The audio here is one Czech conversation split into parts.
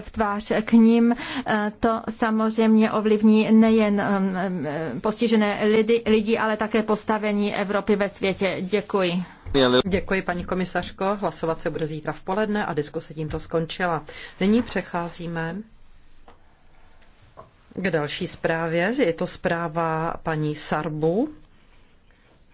v tvář k ním. E, to samozřejmě ovlivní nejen e, e, postižené lidi, lidi ale také postavení Evropy ve světě. Děkuji. Děkuji, paní komisařko. Hlasovat se bude zítra v poledne a diskuse tímto skončila. Nyní přecházíme k další zprávě. Je to zpráva paní Sarbu.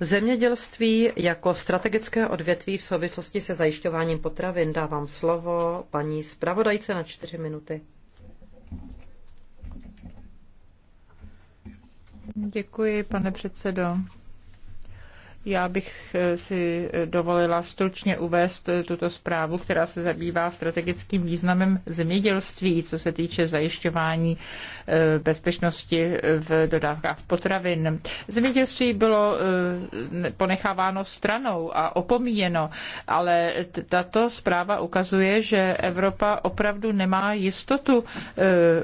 Zemědělství jako strategické odvětví v souvislosti se zajišťováním potravin dávám slovo paní zpravodajce na čtyři minuty. Děkuji, pane předsedo. Já bych eh, si eh, dovolila stručně uvést eh, tuto zprávu, která se zabývá strategickým významem zemědělství, co se týče zajišťování bezpečnosti v dodávkách potravin. Zemědělství bylo ponecháváno stranou a opomíjeno, ale tato zpráva ukazuje, že Evropa opravdu nemá jistotu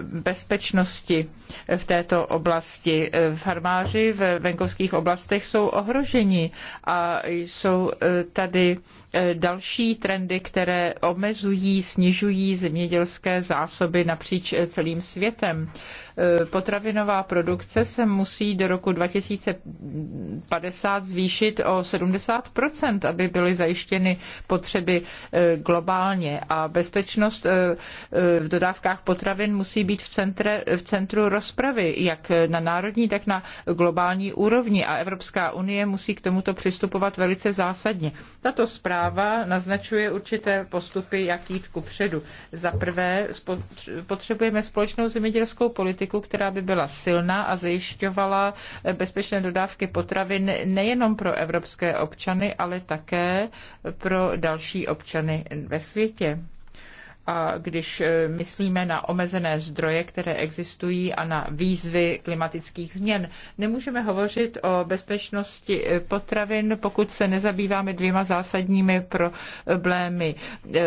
bezpečnosti v této oblasti. Farmáři v venkovských oblastech jsou ohroženi a jsou e, tady e, další trendy, které omezují, snižují zemědělské zásoby napříč e, celým světem. E, potravinová produkce se musí do roku 2050 zvýšit o 70 aby byly zajištěny potřeby e, globálně. A bezpečnost e, v dodávkách potravin musí být v, centre, v centru rozpravy, jak na národní, tak na globální úrovni. A Evropská unie musí k tomuto přistupovat velice zásadně. Tato zpráva naznačuje určité postupy, jak jít ku předu. Za prvé, potřebujeme společnou zemědělskou politiku, politiku, která by byla silná a zajišťovala bezpečné dodávky potravin nejenom pro evropské občany, ale také pro další občany ve světě. A když eh, myslíme na omezené zdroje, které existují a na výzvy klimatických změn. Nemůžeme hovořit o bezpečnosti eh, potravin, pokud se nezabýváme dvěma zásadními problémy. Eh,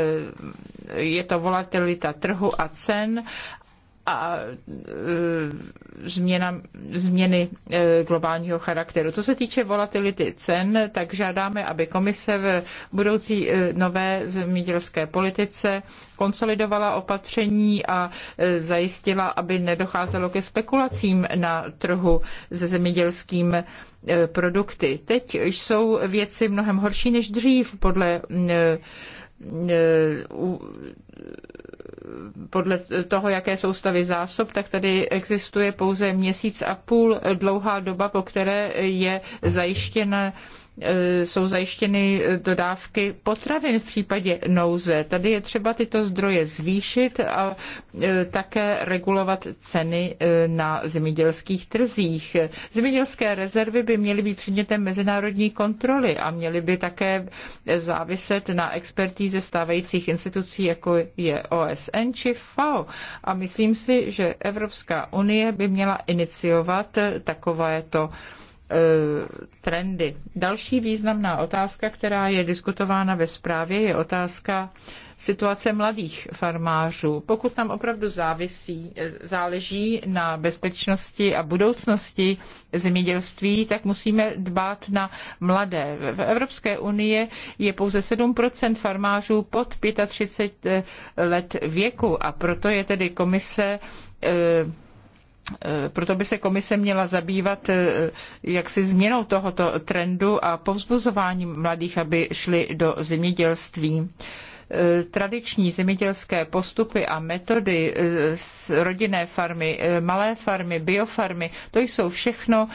je to volatilita trhu a cen a e, změna, změny e, globálního charakteru. Co se týče volatility cen, tak žádáme, aby komise v budoucí e, nové zemědělské politice konsolidovala opatření a zajistila, aby nedocházelo ke spekulacím na trhu se zemědělským produkty. Teď jsou věci mnohem horší než dřív podle podle toho, jaké jsou stavy zásob, tak tady existuje pouze měsíc a půl dlouhá doba, po které je zajištěna E, jsou zajištěny e, dodávky potravin v případě nouze. Tady je třeba tyto zdroje zvýšit a e, také regulovat ceny na zemědělských trzích. Zemědělské rezervy by měly být předmětem mezinárodní kontroly a měly by také záviset na expertíze stávajících institucí, jako je OSN či FAO. A myslím si, že Evropská unie by měla iniciovat takovéto E, trendy. Další významná otázka, která je diskutována ve zprávě, je otázka situace mladých farmářů. Pokud tam opravdu závisí, e, záleží na bezpečnosti a budoucnosti zemědělství, tak musíme dbát na mladé. V Evropské unii je pouze 7% farmářů pod 35 let věku a proto je tedy komise e, Eh, proto by se komise měla zabývat eh, jaksi změnou tohoto trendu a povzbuzováním mladých, aby šli do zemědělství. Eh, tradiční zemědělské postupy a metody eh, rodinné farmy, eh, malé farmy, biofarmy, to jsou všechno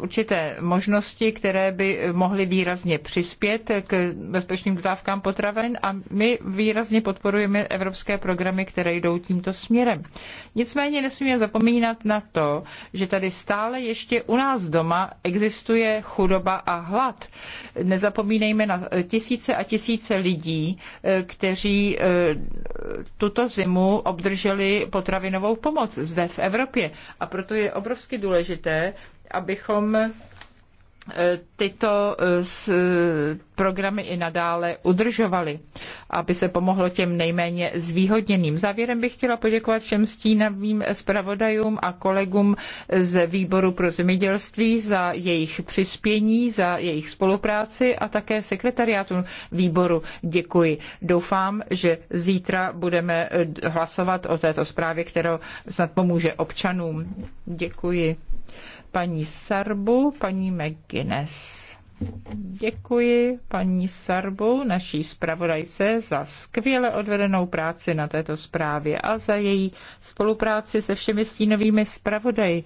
určité možnosti, které by mohly výrazně přispět k bezpečným dodávkám potravin a my výrazně podporujeme evropské programy, které jdou tímto směrem. Nicméně nesmíme zapomínat na to, že tady stále ještě u nás doma existuje chudoba a hlad. Nezapomínejme na tisíce a tisíce lidí, Eh, kteří eh, tuto zimu obdrželi potravinovou pomoc zde v Evropě. A proto je obrovsky důležité, abychom Eh, tyto eh, eh, programy i nadále udržovaly, aby se pomohlo těm nejméně zvýhodněným. Závěrem bych chtěla poděkovat všem stínavým zpravodajům a kolegům z Výboru pro zemědělství za jejich přispění, za jejich spolupráci a také sekretariátu výboru děkuji. Doufám, že zítra budeme hlasovat o této zprávě, kterou snad pomůže občanům. Děkuji paní Sarbu, paní McGuinness. Děkuji paní Sarbu, naší zpravodajce, za skvěle odvedenou práci na této zprávě a za její spolupráci se všemi stínovými zpravodaji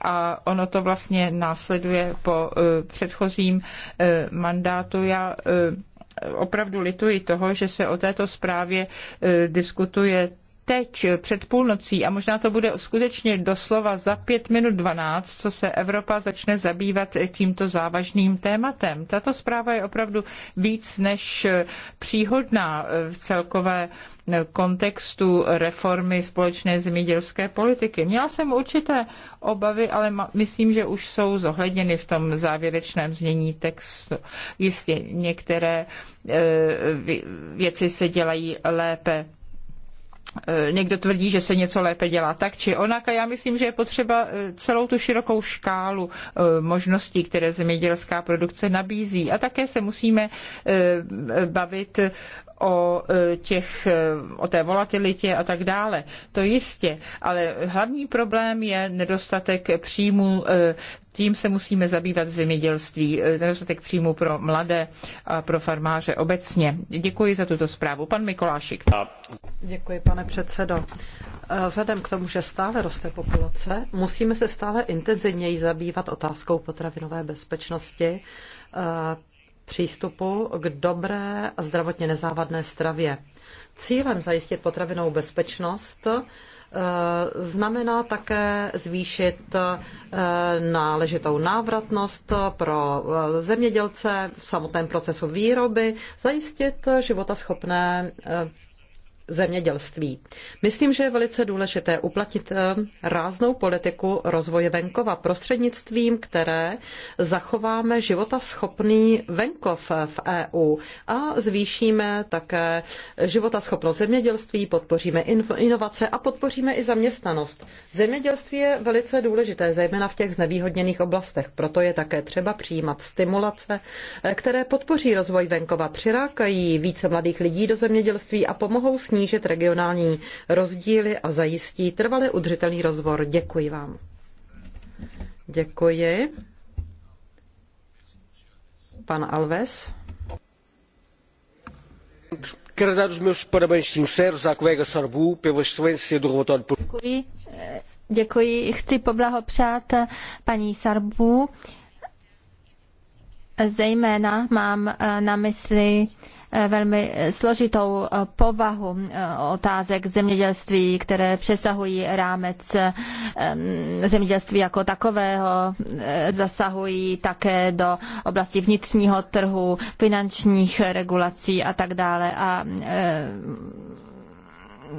a ono to vlastně následuje po eh, předchozím eh, mandátu. Já eh, opravdu lituji toho, že se o této zprávě diskutuje teď před půlnocí, a možná to bude skutečně doslova za pět minut dvanáct, co se Evropa začne zabývat tímto závažným tématem. Tato zpráva je opravdu víc než příhodná v celkové kontextu reformy společné zemědělské politiky. Měla jsem určité obavy, ale myslím, že už jsou zohledněny v tom závěrečném znění textu. Jistě některé eh, věci se dělají lépe Eh, někdo tvrdí, že se něco lépe dělá tak či onak a já myslím, že je potřeba eh, celou tu širokou škálu eh, možností, které zemědělská produkce nabízí. A také se musíme bavit o, e, těch, e, o té volatilitě a tak dále. To jistě, ale hlavní problém je nedostatek příjmu, e, tím se musíme zabývat v zemědělství, nedostatek příjmu pro mladé a pro farmáře obecně. Děkuji za tuto zprávu. Pan Mikolášik. Děkuji, pane předsedo. Vzhledem k tomu, že stále roste populace, musíme se stále intenzivněji zabývat otázkou potravinové bezpečnosti přístupu k dobré a zdravotně nezávadné stravě. Cílem zajistit potravinou bezpečnost eh, znamená také zvýšit eh, náležitou návratnost pro eh, zemědělce v samotném procesu výroby, zajistit životaschopné zemědělství. Myslím, že je velice důležité uplatnit eh, ráznou politiku rozvoje venkova prostřednictvím, které zachováme životaschopný venkov eh, v EU a zvýšíme také životaschopnost zemědělství, podpoříme inovace a podpoříme i zaměstnanost. Zemědělství je velice důležité, zejména v těch znevýhodněných oblastech. Proto je také třeba přijímat stimulace, eh, které podpoří rozvoj venkova, přirákají více mladých lidí do zemědělství a pomohou snížit snížit regionální rozdíly a zajistí trvale udržitelný rozvoj. Děkuji vám. Děkuji. Pan Alves. Quero dar os meus parabéns sinceros à colega pela excelência do relatório. Děkuji. Děkuji. Chci poblahopřát paní Sarbu. Zejména mám eh, na mysli Eh, velmi složitou eh, povahu eh, otázek zemědělství, které přesahují rámec zemědělství jako takového, zasahují také do oblasti vnitřního trhu, finančních regulací a tak dále. A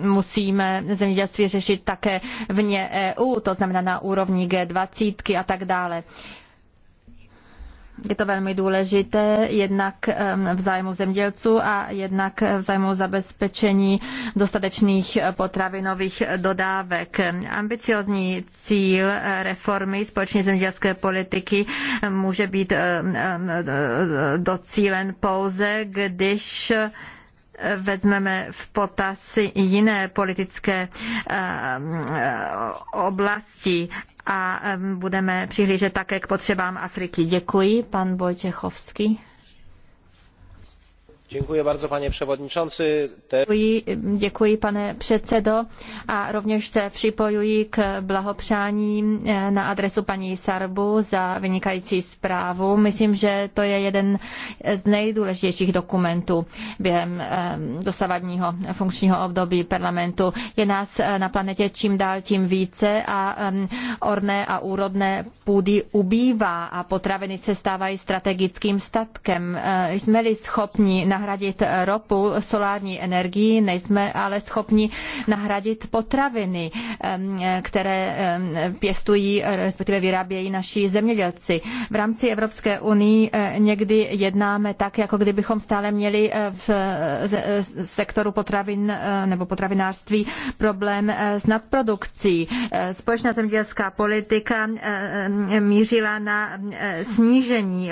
musíme zemědělství řešit také vně EU, to znamená na úrovni G20 a tak dále. Je to velmi důležité, jednak v zájmu zemědělců a jednak v zájmu zabezpečení dostatečných potravinových dodávek. Ambiciozní cíl eh, reformy společné zemědělské politiky eh, může být docílen pouze, když vezmeme v potaz jiné politické eh, oblasti a eh, budeme přihlížet také k potřebám Afriky. Děkuji, pan Vojtěchovský. Děkuji, děkuji, pane předsedo, a rovněž se připojuji k blahopřání eh, na adresu paní Sarbu za vynikající zprávu. Myslím, že to je jeden z nejdůležitějších dokumentů během eh, dosavadního funkčního období parlamentu. Je nás eh, na planetě čím dál tím více a orné a úrodné půdy ubývá a potraviny se stávají strategickým statkem. Jsme-li schopni na nahradit ropu solární energií, nejsme ale schopni nahradit potraviny, které pěstují, respektive vyrábějí naši zemědělci. V rámci Evropské unii eh, někdy jednáme tak, jako kdybychom stále měli eh, v sektoru potravin eh, nebo potravinářství problém s nadprodukcí. Společná zemědělská politika mířila na snížení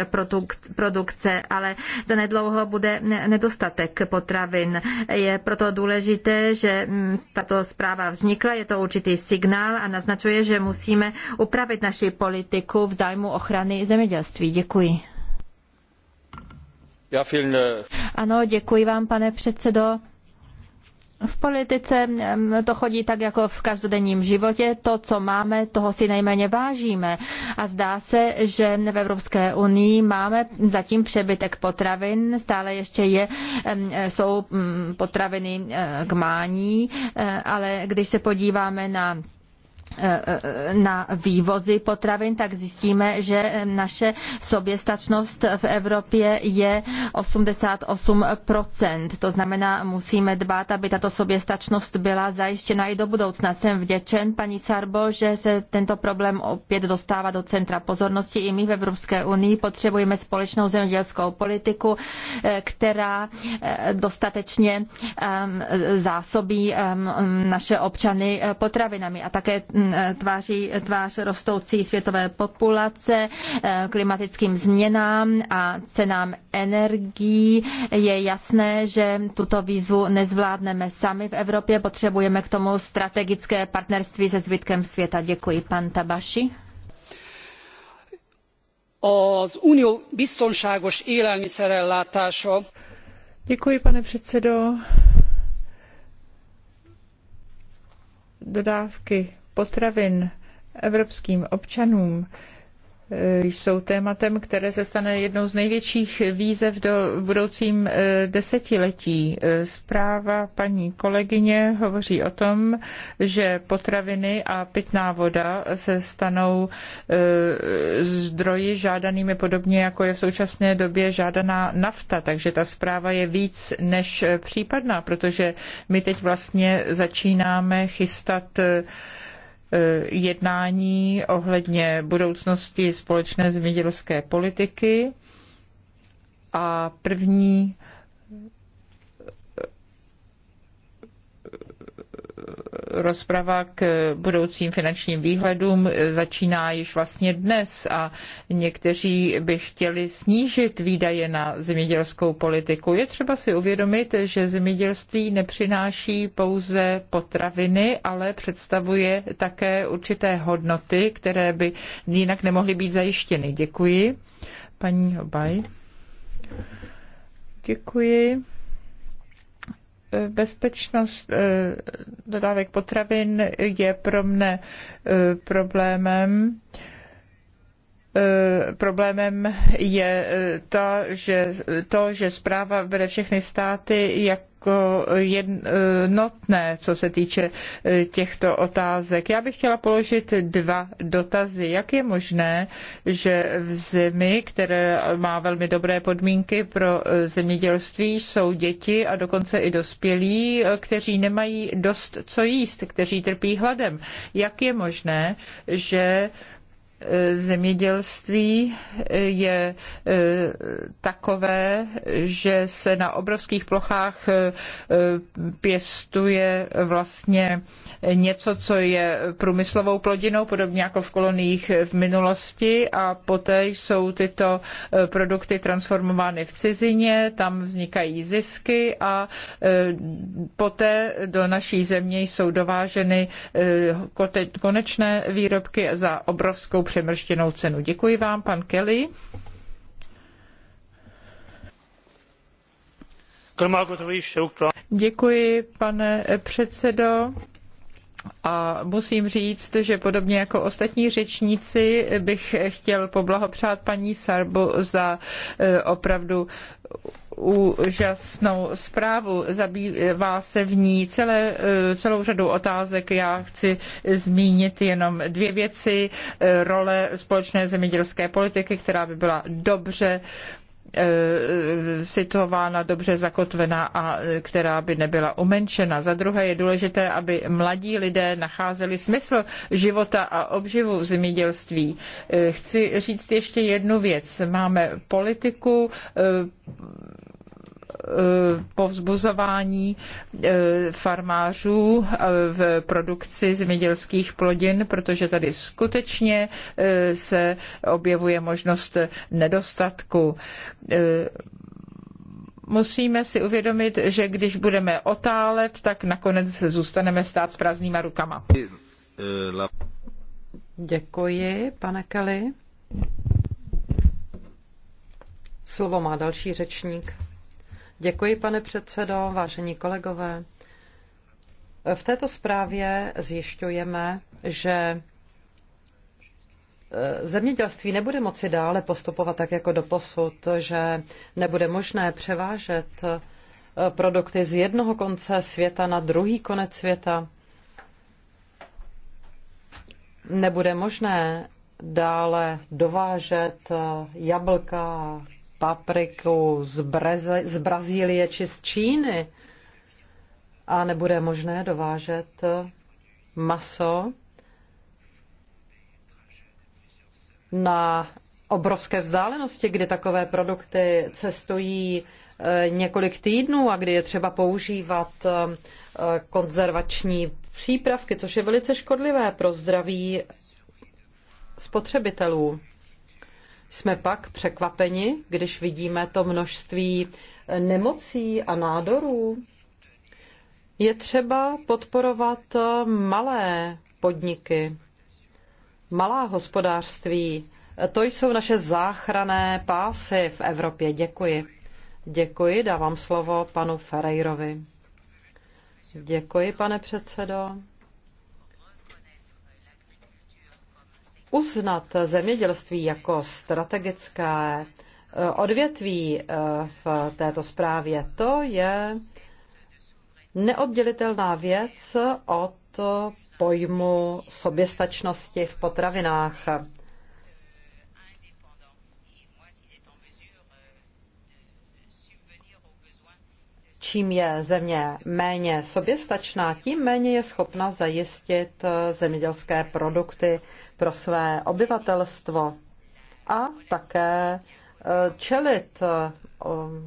produkce, ale zanedlouho bude nedostatek potravin. Je proto důležité, že mm, tato zpráva vznikla, je to určitý signál a naznačuje, že musíme upravit naši politiku v zájmu ochrany zemědělství. Děkuji. Ano, děkuji vám, pane předsedo. V politice to chodí tak jako v každodenním životě. To, co máme, toho si nejméně vážíme. A zdá se, že v Evropské unii máme zatím přebytek potravin. Stále ještě je, jsou mm, potraviny eh, k mání, eh, ale když se podíváme na Eh, eh, na vývozy potravin, tak zjistíme, že naše soběstačnost v Evropě je 88%. To znamená, musíme dbát, aby tato soběstačnost byla zajištěna i do budoucna. Jsem vděčen, paní Sarbo, že se tento problém opět dostává do centra pozornosti. I my v Evropské unii potřebujeme společnou zemědělskou politiku, eh, která dostatečně zásobí naše občany potravinami a také Mm, eh, tváří tvář rostoucí světové populace, eh, klimatickým změnám a cenám energií. Je jasné, že tuto výzvu nezvládneme sami v Evropě, potřebujeme k tomu strategické partnerství se zbytkem světa. Děkuji, pan Tabaši. Az unió biztonságos élelmiszerellátása. Děkuji, pane předsedo. Dodávky potravin evropským občanům eh, jsou tématem, které se stane jednou z největších výzev do budoucím eh, desetiletí. Eh, zpráva paní kolegyně hovoří o tom, že potraviny a pitná voda se stanou zdroji žádanými podobně, jako je v současné době žádaná nafta. Takže ta zpráva je víc než případná, protože my teď vlastně začínáme chystat E, jednání ohledně budoucnosti společné zemědělské politiky a první rozprava k budoucím finančním výhledům začíná již vlastně dnes a někteří by chtěli snížit výdaje na zemědělskou politiku. Je třeba si uvědomit, že zemědělství nepřináší pouze potraviny, ale představuje také určité hodnoty, které by jinak nemohly být zajištěny. Děkuji. Paní Hobaj. Děkuji. Bezpečnost eh, dodávek potravin je pro mne eh, problémem Eh, problémem je eh, to, že, to, že zpráva bere všechny státy jak jako jednotné, co se týče eh, těchto otázek. Já bych chtěla položit dva dotazy. Jak je možné, že v zemi, která má velmi dobré podmínky pro zemědělství, jsou děti a dokonce i dospělí, kteří nemají dost co jíst, kteří trpí hladem. Jak je možné, že zemědělství je e, takové, že se na obrovských plochách e, pěstuje vlastně něco, co je průmyslovou plodinou, podobně jako v koloniích v minulosti a poté jsou tyto e, produkty transformovány v cizině, tam vznikají zisky a poté do naší země jsou dováženy konečné výrobky za obrovskou přemrštěnou cenu. Děkuji vám, pan Kelly. Děkuji, pane předsedo. A musím říct, že podobně jako ostatní řečníci bych chtěl poblahopřát paní Sarbu za eh, opravdu úžasnou zprávu. Zabývá se v ní celé, eh, celou řadu otázek. Já chci zmínit jenom dvě věci. Eh, role společné zemědělské politiky, která by byla dobře E, situována, dobře zakotvená a e, která by nebyla umenšena. Za druhé je důležité, aby mladí lidé nacházeli smysl života a obživu v zemědělství. E, chci říct ještě jednu věc. Máme politiku Eh, povzbuzování eh, farmářů eh, v produkci zemědělských plodin, protože tady skutečně se objevuje možnost nedostatku musíme si uvědomit, že když budeme otálet, tak nakonec se zůstaneme stát s prázdnýma rukama. Děkuji, pane Kelly. Slovo má další řečník. Děkuji, pane předsedo, vážení kolegové. V této zprávě zjišťujeme, že e, zemědělství nebude moci dále postupovat tak jako do posud, že nebude možné převážet e, produkty z jednoho konce světa na druhý konec světa. Nebude možné dále dovážet e, jablka, papriku z, Breze, z Brazílie či z Číny a nebude možné dovážet eh, maso na obrovské vzdálenosti, kdy takové produkty cestují eh, několik týdnů a kdy je třeba používat eh, konzervační přípravky, což je velice škodlivé pro zdraví spotřebitelů jsme pak překvapeni, když vidíme to množství eh, nemocí a nádorů. Je třeba podporovat eh, malé podniky, malá hospodářství. Eh, to jsou naše záchrané pásy v Evropě. Děkuji. Děkuji, dávám slovo panu Ferejrovi. Děkuji, pane předsedo. uznat zemědělství jako strategické eh, odvětví eh, v této zprávě, to je neoddělitelná věc od pojmu soběstačnosti v potravinách. Čím je země méně soběstačná, tím méně je schopna zajistit eh, zemědělské produkty pro své obyvatelstvo a také e, čelit e,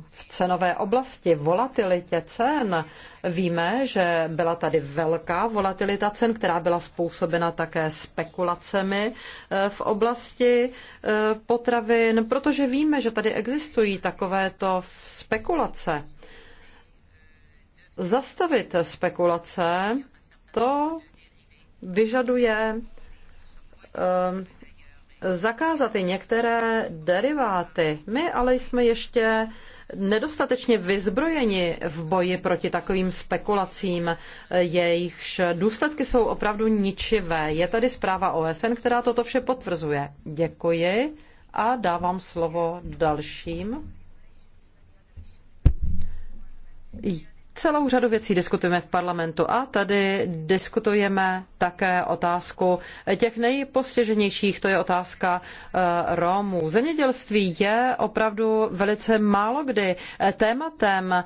v cenové oblasti, volatilitě cen. Víme, že byla tady velká volatilita cen, která byla způsobena také spekulacemi e, v oblasti potravin, protože víme, že tady existují takovéto spekulace. Zastavit spekulace, to vyžaduje Um, zakázat i některé deriváty. My ale jsme ještě nedostatečně vyzbrojeni v boji proti takovým spekulacím, jejichž důsledky jsou opravdu ničivé. Je tady zpráva OSN, která toto vše potvrzuje. Děkuji a dávám slovo dalším celou řadu věcí diskutujeme v parlamentu a tady diskutujeme také otázku těch nejpostiženějších, to je otázka eh, Romů. Zemědělství je opravdu velice málo kdy eh, tématem eh,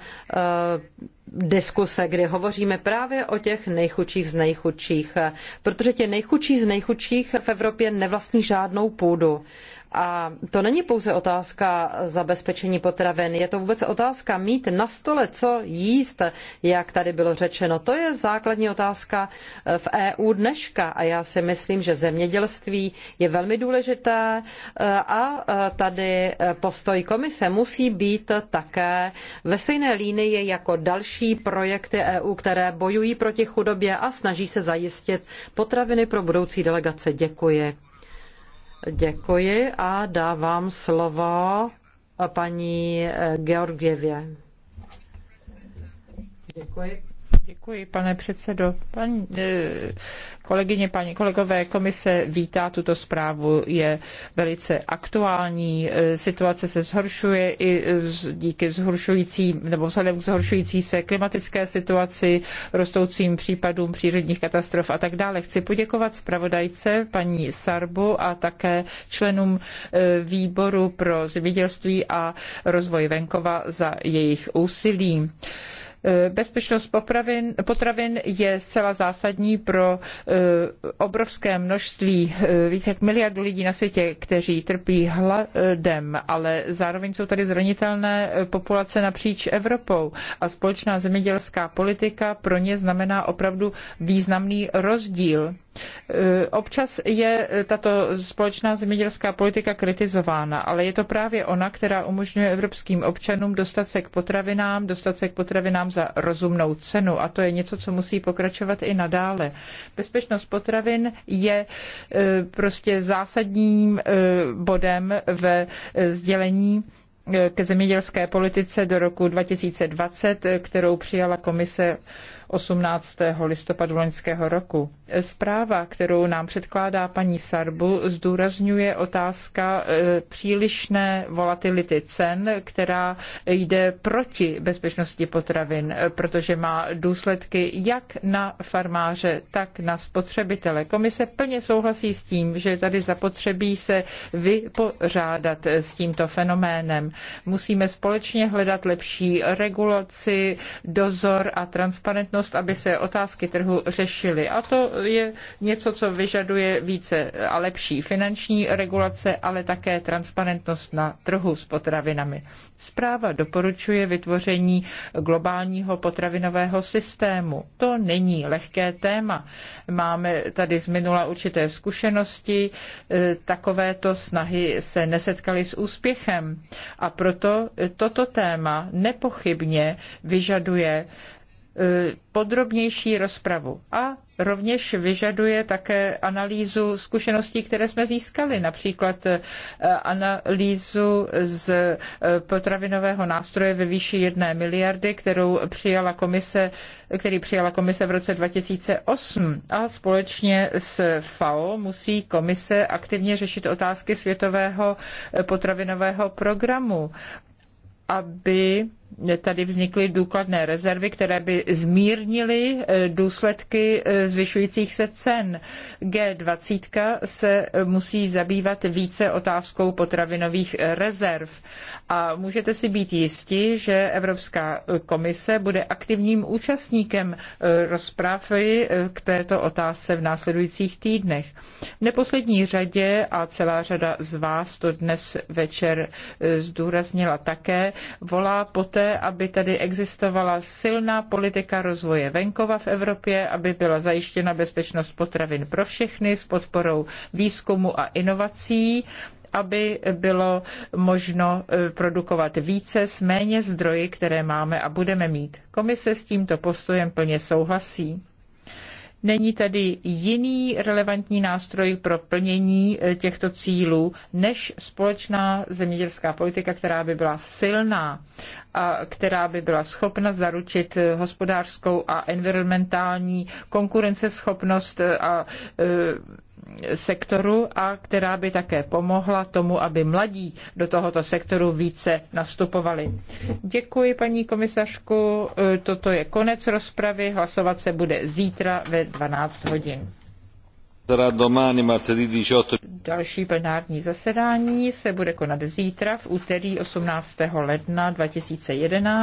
diskuse, kdy hovoříme právě o těch nejchudších z nejchudších, protože ti nejchudší z nejchudších v Evropě nevlastní žádnou půdu. A to není pouze otázka zabezpečení potravin, je to vůbec otázka mít na stole co jíst, jak tady bylo řečeno. To je základní otázka eh, v EU dneška a já si myslím, že zemědělství je velmi důležité eh, a eh, tady postoj komise musí být také ve stejné línii jako další projekty EU, které bojují proti chudobě a snaží se zajistit potraviny pro budoucí delegace. Děkuji. Děkuji a dávám slovo paní Georgievě. Děkuji. Děkuji, pane předsedo. Paní, eh, kolegyně, paní kolegové, komise vítá tuto zprávu, je velice aktuální. Eh, situace se zhoršuje i eh, díky zhoršující, nebo vzhledem k zhoršující se klimatické situaci, rostoucím případům přírodních katastrof a tak dále. Chci poděkovat zpravodajce, paní Sarbu a také členům výboru pro zemědělství a rozvoj venkova za jejich úsilí. Eh, bezpečnost popravin, potravin je zcela zásadní pro eh, obrovské množství, eh, více jak miliardu lidí na světě, kteří trpí hladem, ale zároveň jsou tady zranitelné populace napříč Evropou a společná zemědělská politika pro ně znamená opravdu významný rozdíl. Občas je tato společná zemědělská politika kritizována, ale je to právě ona, která umožňuje evropským občanům dostat se k potravinám, dostat se k potravinám za rozumnou cenu a to je něco, co musí pokračovat i nadále. Bezpečnost potravin je e, prostě zásadním e, bodem ve sdělení e, ke zemědělské politice do roku 2020, kterou přijala komise 18. listopadu loňského roku. Zpráva, kterou nám předkládá paní Sarbu, zdůrazňuje otázka e, přílišné volatility cen, která jde proti bezpečnosti potravin, protože má důsledky jak na farmáře, tak na spotřebitele. Komise plně souhlasí s tím, že tady zapotřebí se vypořádat s tímto fenoménem. Musíme společně hledat lepší regulaci, dozor a transparentnost nutnost, aby se otázky trhu řešily. A to je něco, co vyžaduje více a lepší finanční regulace, ale také transparentnost na trhu s potravinami. Zpráva doporučuje vytvoření globálního potravinového systému. To není lehké téma. Máme tady z minula určité zkušenosti, e, takovéto snahy se nesetkaly s úspěchem. A proto toto téma nepochybně vyžaduje podrobnější rozpravu a rovněž vyžaduje také analýzu zkušeností, které jsme získali, například eh, analýzu z eh, potravinového nástroje ve výši jedné miliardy, kterou přijala komise, který přijala komise v roce 2008 a společně s FAO musí komise aktivně řešit otázky světového eh, potravinového programu, aby tady vznikly důkladné rezervy, které by zmírnily eh, důsledky eh, zvyšujících se cen. G20 se musí zabývat více otázkou potravinových rezerv. A můžete si být jisti, že Evropská komise bude aktivním účastníkem eh, rozpravy k této otázce v následujících týdnech. V neposlední řadě, a celá řada z vás to dnes večer zdůraznila také, volá po důležité, aby tady existovala silná politika rozvoje venkova v Evropě, aby byla zajištěna bezpečnost potravin pro všechny s podporou výzkumu a inovací, aby bylo možno e, produkovat více s méně zdroji, které máme a budeme mít. Komise s tímto postojem plně souhlasí. Není tedy jiný relevantní nástroj pro plnění eh, těchto cílů než společná zemědělská politika, která by byla silná a která by byla schopna zaručit eh, hospodářskou a environmentální konkurenceschopnost eh, a sektoru a která by také pomohla tomu, aby mladí do tohoto sektoru více nastupovali. Děkuji, paní komisařku. Toto je konec rozpravy. Hlasovat se bude zítra ve 12 hodin. Další plenární zasedání se bude konat zítra v úterý 18. ledna 2011.